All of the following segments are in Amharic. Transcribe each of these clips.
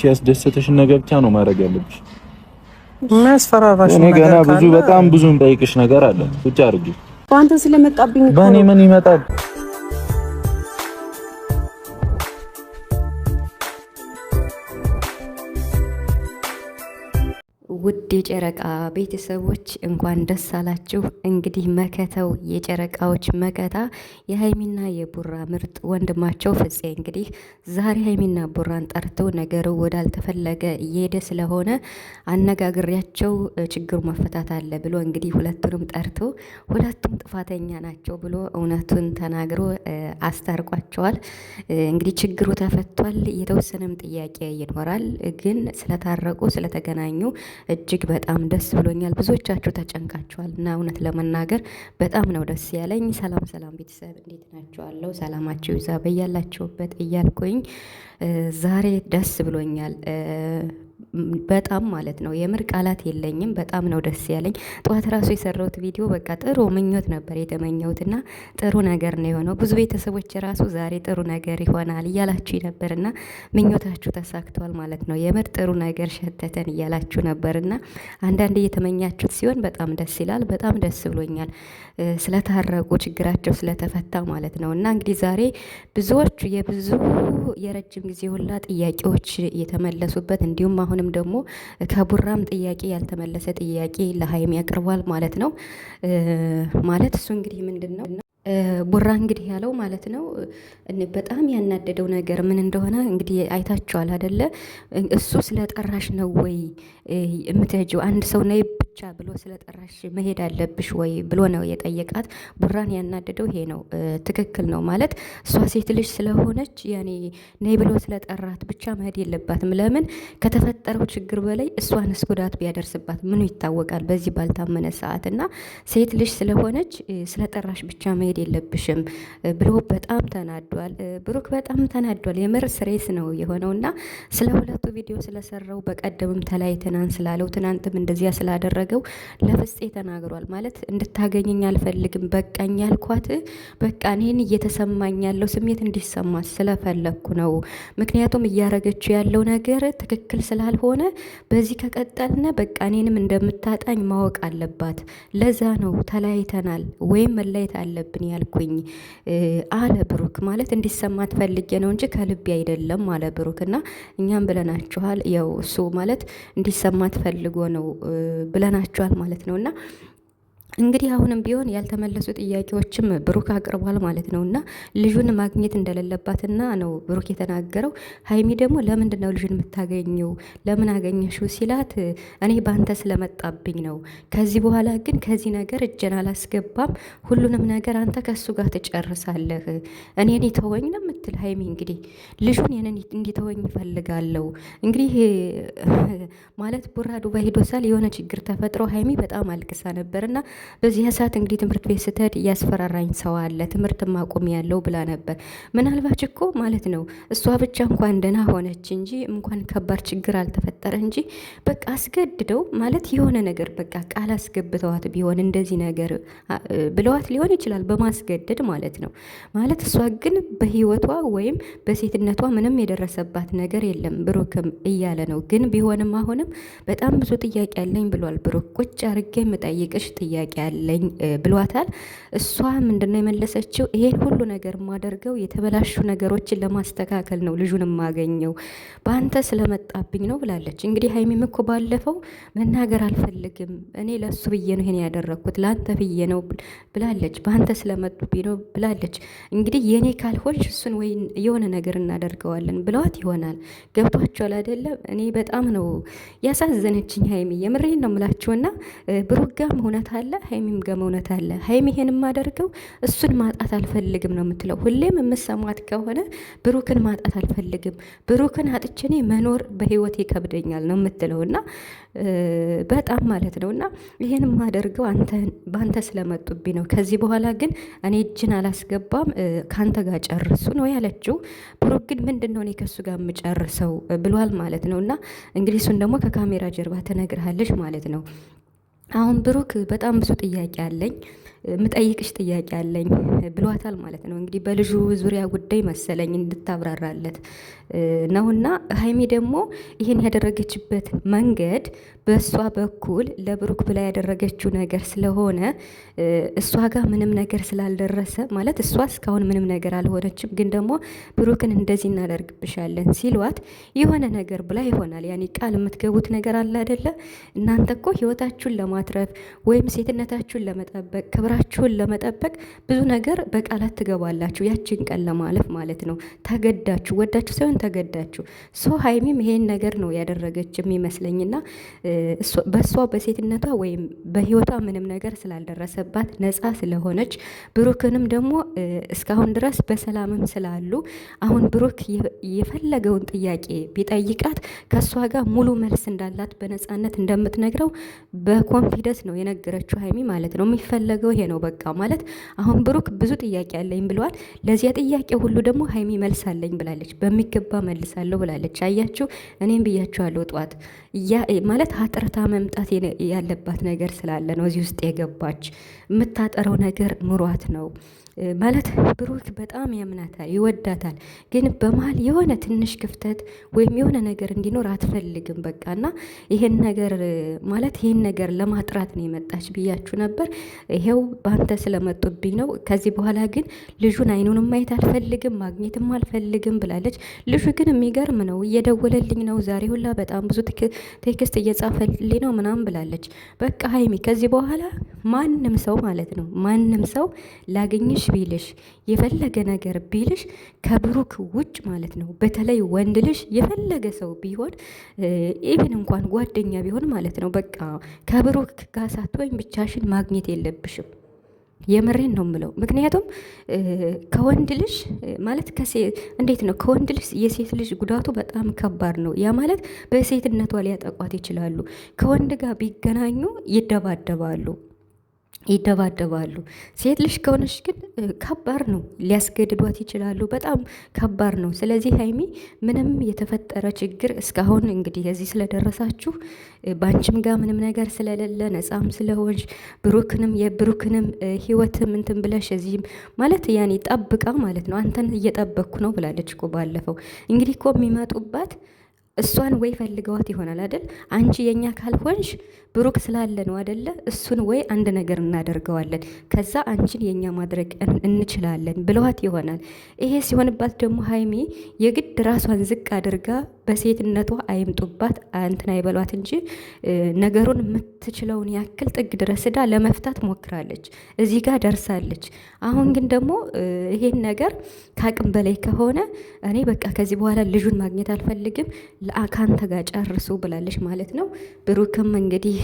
ሲያስደሰተሽን ነገር ብቻ ነው ማድረግ ያለብሽ። የሚያስፈራራሽ ነገር ገና ብዙ በጣም ብዙ እንጠይቅሽ ነገር አለ። ብቻ አድርጊ። በአንተ ስለመጣብኝ በእኔ ምን ይመጣል? ውድ የጨረቃ ቤተሰቦች እንኳን ደስ አላችሁ። እንግዲህ መከተው የጨረቃዎች መከታ የሀይሚና የቡራ ምርጥ ወንድማቸው ፍፄ እንግዲህ ዛሬ ሀይሚና ቡራን ጠርቶ ነገሩ ወዳልተፈለገ እየሄደ ስለሆነ አነጋግሬያቸው ችግሩ መፈታት አለ ብሎ እንግዲህ ሁለቱንም ጠርቶ ሁለቱም ጥፋተኛ ናቸው ብሎ እውነቱን ተናግሮ አስታርቋቸዋል። እንግዲህ ችግሩ ተፈቷል። የተወሰነም ጥያቄ ይኖራል፣ ግን ስለታረቁ ስለተገናኙ እጅግ በጣም ደስ ብሎኛል። ብዙዎቻችሁ ተጨንቃችኋል እና እውነት ለመናገር በጣም ነው ደስ ያለኝ። ሰላም ሰላም ቤተሰብ እንዴት ናችኋለሁ? ሰላማችሁ ይዛ በያላችሁበት እያልኩኝ ዛሬ ደስ ብሎኛል። በጣም ማለት ነው የምር ቃላት የለኝም። በጣም ነው ደስ ያለኝ። ጠዋት ራሱ የሰራሁት ቪዲዮ በቃ ጥሩ ምኞት ነበር የተመኘሁት እና ጥሩ ነገር ነው የሆነው። ብዙ ቤተሰቦች ራሱ ዛሬ ጥሩ ነገር ይሆናል እያላችሁ ነበር እና ምኞታችሁ ተሳክቷል ማለት ነው። የምር ጥሩ ነገር ሸተተን እያላችሁ ነበር እና አንዳንድ እየተመኛችሁት ሲሆን በጣም ደስ ይላል። በጣም ደስ ብሎኛል ስለታረቁ ችግራቸው ስለተፈታ ማለት ነው እና እንግዲህ ዛሬ ብዙዎቹ የብዙ የረጅም ጊዜ ሁላ ጥያቄዎች የተመለሱበት እንዲሁም አሁንም ደግሞ ከቡራም ጥያቄ ያልተመለሰ ጥያቄ ለሀይሚ ያቅርቧል ማለት ነው። ማለት እሱ እንግዲህ ምንድን ነው ቡራ እንግዲህ ያለው ማለት ነው በጣም ያናደደው ነገር ምን እንደሆነ እንግዲህ አይታችኋል አደለ? እሱ ስለ ጠራሽ ነው ወይ የምትሄጂው? አንድ ሰው ነይ ብቻ ብሎ ስለጠራሽ መሄድ አለብሽ ወይ ብሎ ነው የጠየቃት። ቡራን ያናደደው ይሄ ነው። ትክክል ነው ማለት እሷ ሴት ልጅ ስለሆነች ያኔ ነይ ብሎ ስለጠራት ብቻ መሄድ የለባትም። ለምን ከተፈጠረው ችግር በላይ እሷን እስጉዳት ቢያደርስባት ምኑ ይታወቃል? በዚህ ባልታመነ ሰዓት እና ሴት ልጅ ስለሆነች ስለጠራሽ ብቻ መሄድ የለብሽም ብሎ በጣም ተናዷል። ብሩክ በጣም ተናዷል። የምር ስሬስ ነው የሆነው እና ስለ ሁለቱ ቪዲዮ ስለሰራው በቀደምም ተላይ ትናንት ስላለው ትናንትም እንደዚያ ስላደረገ ያደረገው ለፍፄ ተናግሯል። ማለት እንድታገኘኝ አልፈልግም፣ በቃኝ ያልኳት በቃ እኔን እየተሰማኝ ያለው ስሜት እንዲሰማ ስለፈለግኩ ነው። ምክንያቱም እያረገችው ያለው ነገር ትክክል ስላልሆነ በዚህ ከቀጠልነ በቃ እኔንም እንደምታጣኝ ማወቅ አለባት። ለዛ ነው ተለያይተናል ወይም መለየት አለብን ያልኩኝ አለ ብሩክ። ማለት እንዲሰማት ትፈልጌ ነው እንጂ ከልቤ አይደለም አለ ብሩክ። እና እኛም ብለናችኋል፣ ያው እሱ ማለት እንዲሰማ ፈልጎ ነው ብለና ሆናችኋል ማለት ነው እና እንግዲህ አሁንም ቢሆን ያልተመለሱ ጥያቄዎችም ብሩክ አቅርቧል ማለት ነው እና ልጁን ማግኘት እንደሌለባትና ነው ብሩክ የተናገረው። ሀይሚ ደግሞ ለምንድን ነው ልጁን የምታገኘው? ለምን አገኘሽው ሲላት እኔ ባንተ ስለመጣብኝ ነው። ከዚህ በኋላ ግን ከዚህ ነገር እጄን አላስገባም። ሁሉንም ነገር አንተ ከሱ ጋር ትጨርሳለህ። እኔን ተወኝ ነው የምትል ሀይሚ። እንግዲህ ልጁን ንን እንዲተወኝ ይፈልጋለው። እንግዲህ ማለት ቡራ ዱባይ ሂዶሳል የሆነ ችግር ተፈጥሮ ሀይሚ በጣም አልቅሳ ነበርና በዚህ ሰዓት እንግዲህ ትምህርት ቤት ስትሄድ እያስፈራራኝ ሰው አለ ትምህርት ማቆም ያለው ብላ ነበር። ምናልባች እኮ ማለት ነው እሷ ብቻ እንኳን ደህና ሆነች እንጂ እንኳን ከባድ ችግር አልተፈጠረ እንጂ በቃ አስገድደው ማለት የሆነ ነገር በቃ ቃል አስገብተዋት ቢሆን እንደዚህ ነገር ብለዋት ሊሆን ይችላል በማስገደድ ማለት ነው። ማለት እሷ ግን በህይወቷ ወይም በሴትነቷ ምንም የደረሰባት ነገር የለም ብሩክም እያለ ነው። ግን ቢሆንም አሁንም በጣም ብዙ ጥያቄ አለኝ ብሏል ብሩክ። ቁጭ አርጌ የምጠይቅሽ ጥያቄ ያለኝ ብሏታል። እሷ ምንድነው የመለሰችው? ይሄን ሁሉ ነገር ማደርገው የተበላሹ ነገሮችን ለማስተካከል ነው፣ ልጁን የማገኘው በአንተ ስለመጣብኝ ነው ብላለች። እንግዲህ ሀይሚም እኮ ባለፈው መናገር አልፈልግም እኔ ለሱ ብዬ ነው ይሄን ያደረግኩት ለአንተ ብዬ ነው ብላለች። በአንተ ስለመጡብኝ ነው ብላለች። እንግዲህ የእኔ ካልሆንሽ እሱን ወይ የሆነ ነገር እናደርገዋለን ብለዋት ይሆናል። ገብቷቸዋል አይደለም? እኔ በጣም ነው ያሳዘነችኝ ሀይሚ፣ የምሬን ነው ምላችሁና ብሩጋም እውነት አለ ሀይሚም ገመ እውነት አለ። ሀይሚ ይሄን የማደርገው እሱን ማጣት አልፈልግም ነው የምትለው። ሁሌም የምሰማት ከሆነ ብሩክን ማጣት አልፈልግም፣ ብሩክን አጥቼ መኖር በህይወት ይከብደኛል ነው የምትለው እና በጣም ማለት ነው እና ይሄን የማደርገው በአንተ ስለመጡብኝ ነው። ከዚህ በኋላ ግን እኔ እጅን አላስገባም ከአንተ ጋር ጨርሱ ነው ያለችው። ብሩክ ግን ምንድን ነው እኔ ከሱ ጋር የምጨርሰው ብሏል ማለት ነው እና እንግሊሱን ደግሞ ከካሜራ ጀርባ ትነግርሃለች ማለት ነው። አሁን ብሩክ በጣም ብዙ ጥያቄ አለኝ ምጠይቅሽ ጥያቄ አለኝ ብሏታል ማለት ነው። እንግዲህ በልጁ ዙሪያ ጉዳይ መሰለኝ እንድታብራራለት ነውና ሀይሚ ደግሞ ይህን ያደረገችበት መንገድ በእሷ በኩል ለብሩክ ብላ ያደረገችው ነገር ስለሆነ እሷ ጋር ምንም ነገር ስላልደረሰ ማለት እሷ እስካሁን ምንም ነገር አልሆነችም፣ ግን ደግሞ ብሩክን እንደዚህ እናደርግብሻለን ሲሏት የሆነ ነገር ብላ ይሆናል። ያኔ ቃል የምትገቡት ነገር አለ አይደለ? እናንተ እኮ ህይወታችሁን ለማትረፍ ወይም ሴትነታችሁን ለመጠበቅ ክብራ ትዳራችሁን ለመጠበቅ ብዙ ነገር በቃላት ትገባላችሁ። ያችን ቀን ለማለፍ ማለት ነው። ተገዳችሁ ወዳችሁ ሳይሆን ተገዳችሁ። ሶ ሀይሚም ይሄን ነገር ነው ያደረገች የሚመስለኝና በእሷ በሴትነቷ ወይም በህይወቷ ምንም ነገር ስላልደረሰባት ነፃ ስለሆነች ብሩክንም ደግሞ እስካሁን ድረስ በሰላምም ስላሉ አሁን ብሩክ የፈለገውን ጥያቄ ቢጠይቃት ከእሷ ጋር ሙሉ መልስ እንዳላት በነፃነት እንደምትነግረው በኮንፊደንስ ነው የነገረችው ሀይሚ ማለት ነው። የሚፈለገው ይሄ ነው በቃ ማለት አሁን ብሩክ ብዙ ጥያቄ አለኝ ብለዋል። ለዚያ ጥያቄ ሁሉ ደግሞ ሀይሚ መልስ አለኝ ብላለች። በሚገባ መልሳለሁ ብላለች። አያችሁ፣ እኔም ብያችኋለሁ ጠዋት ማለት አጥርታ መምጣት ያለባት ነገር ስላለ ነው እዚህ ውስጥ የገባች የምታጠረው ነገር ምሯት ነው። ማለት ብሩክ በጣም ያምናታል፣ ይወዳታል። ግን በመሀል የሆነ ትንሽ ክፍተት ወይም የሆነ ነገር እንዲኖር አትፈልግም። በቃ እና ይሄን ነገር ማለት ይሄን ነገር ለማጥራት ነው የመጣች ብያችሁ ነበር። ይሄው በአንተ ስለመጡብኝ ነው። ከዚህ በኋላ ግን ልጁን አይኑን ማየት አልፈልግም ማግኘትም አልፈልግም ብላለች። ልጁ ግን የሚገርም ነው እየደወለልኝ ነው ዛሬ ሁላ በጣም ብዙ ቴክስት እየጻፈልኝ ነው ምናምን ብላለች። በቃ ሀይሚ ከዚህ በኋላ ማንም ሰው ማለት ነው ማንም ሰው ላገኝሽ ቢልሽ የፈለገ ነገር ቢልሽ ከብሩክ ውጭ ማለት ነው። በተለይ ወንድ ልሽ የፈለገ ሰው ቢሆን ኢቭን እንኳን ጓደኛ ቢሆን ማለት ነው። በቃ ከብሩክ ጋር ሳትሆኝ ብቻሽን ማግኘት የለብሽም። የምሬን ነው ምለው። ምክንያቱም ከወንድ ልጅ ማለት እንዴት ነው ከወንድ ልጅ የሴት ልጅ ጉዳቱ በጣም ከባድ ነው። ያ ማለት በሴትነቷ ሊያጠቋት ይችላሉ። ከወንድ ጋር ቢገናኙ ይደባደባሉ። ይደባደባሉ። ሴት ልጅ ከሆነች ግን ከባድ ነው፣ ሊያስገድዷት ይችላሉ። በጣም ከባድ ነው። ስለዚህ ሀይሚ ምንም የተፈጠረ ችግር እስካሁን እንግዲህ እዚህ ስለደረሳችሁ በአንቺም ጋር ምንም ነገር ስለሌለ ነጻም ስለሆንሽ ብሩክንም የብሩክንም ህይወትም እንትን ብለሽ እዚህም ማለት ያኔ ጠብቃ ማለት ነው አንተን እየጠበቅኩ ነው ብላለች እኮ ባለፈው እንግዲህ እኮ የሚመጡባት እሷን ወይ ፈልገዋት ይሆናል አደል? አንቺ የኛ ካልሆንሽ ብሩክ ስላለ ነው አደለ? እሱን ወይ አንድ ነገር እናደርገዋለን፣ ከዛ አንቺን የኛ ማድረግ እንችላለን ብለዋት ይሆናል። ይሄ ሲሆንባት ደግሞ ሀይሚ የግድ ራሷን ዝቅ አድርጋ በሴትነቷ አይምጡባት እንትን አይበሏት እንጂ ነገሩን የምትችለውን ያክል ጥግ ድረስ ዳ ለመፍታት ሞክራለች። እዚህ ጋር ደርሳለች። አሁን ግን ደግሞ ይሄን ነገር ከአቅም በላይ ከሆነ እኔ በቃ ከዚህ በኋላ ልጁን ማግኘት አልፈልግም ከአንተ ጋር ጨርሱ ብላለች ማለት ነው። ብሩክም እንግዲህ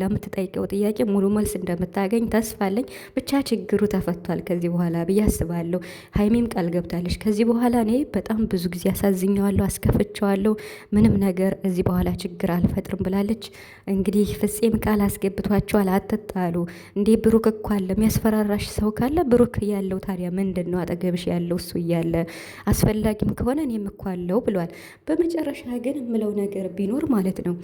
ለምትጠይቀው ጥያቄ ሙሉ መልስ እንደምታገኝ ተስፋ አለኝ። ብቻ ችግሩ ተፈቷል ከዚህ በኋላ ብዬ አስባለሁ። ሀይሚም ቃል ገብታለች። ከዚህ በኋላ እኔ በጣም ብዙ ጊዜ አሳዝኘዋለሁ፣ አስከፍቸዋለሁ አለው። ምንም ነገር እዚህ በኋላ ችግር አልፈጥርም ብላለች። እንግዲህ ፍፄም ቃል አስገብቷቸዋል። አትጣሉ እንዴ ብሩክ እኮ አለ። የሚያስፈራራሽ ሰው ካለ ብሩክ ያለው ታዲያ ምንድን ነው? አጠገብሽ ያለው እሱ እያለ አስፈላጊም ከሆነ እኔም እኮ አለው ብሏል። በመጨረሻ ግን የምለው ነገር ቢኖር ማለት ነው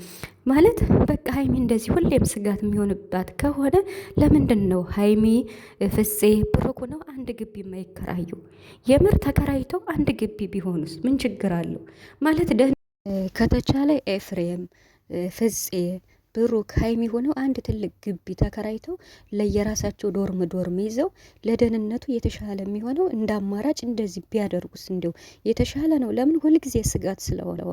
ማለት በቃ ሀይሚ እንደዚህ ሁሌም ስጋት የሚሆንባት ከሆነ ለምንድን ነው ሀይሚ ፍፄ ብሩክ ነው አንድ ግቢ የማይከራዩ? የምር ተከራይተው አንድ ግቢ ቢሆኑስ ምን ችግር አለው? ማለት ደ ከተቻለ ኤፍሬም ፍፄ ብሩክ ሀይሚ ሆነው አንድ ትልቅ ግቢ ተከራይተው ለየራሳቸው ዶርም ዶርም ይዘው ለደህንነቱ የተሻለ የሚሆነው እንደ አማራጭ እንደዚህ ቢያደርጉስ እንዲው የተሻለ ነው። ለምን ሁልጊዜ ስጋት ስለሆነ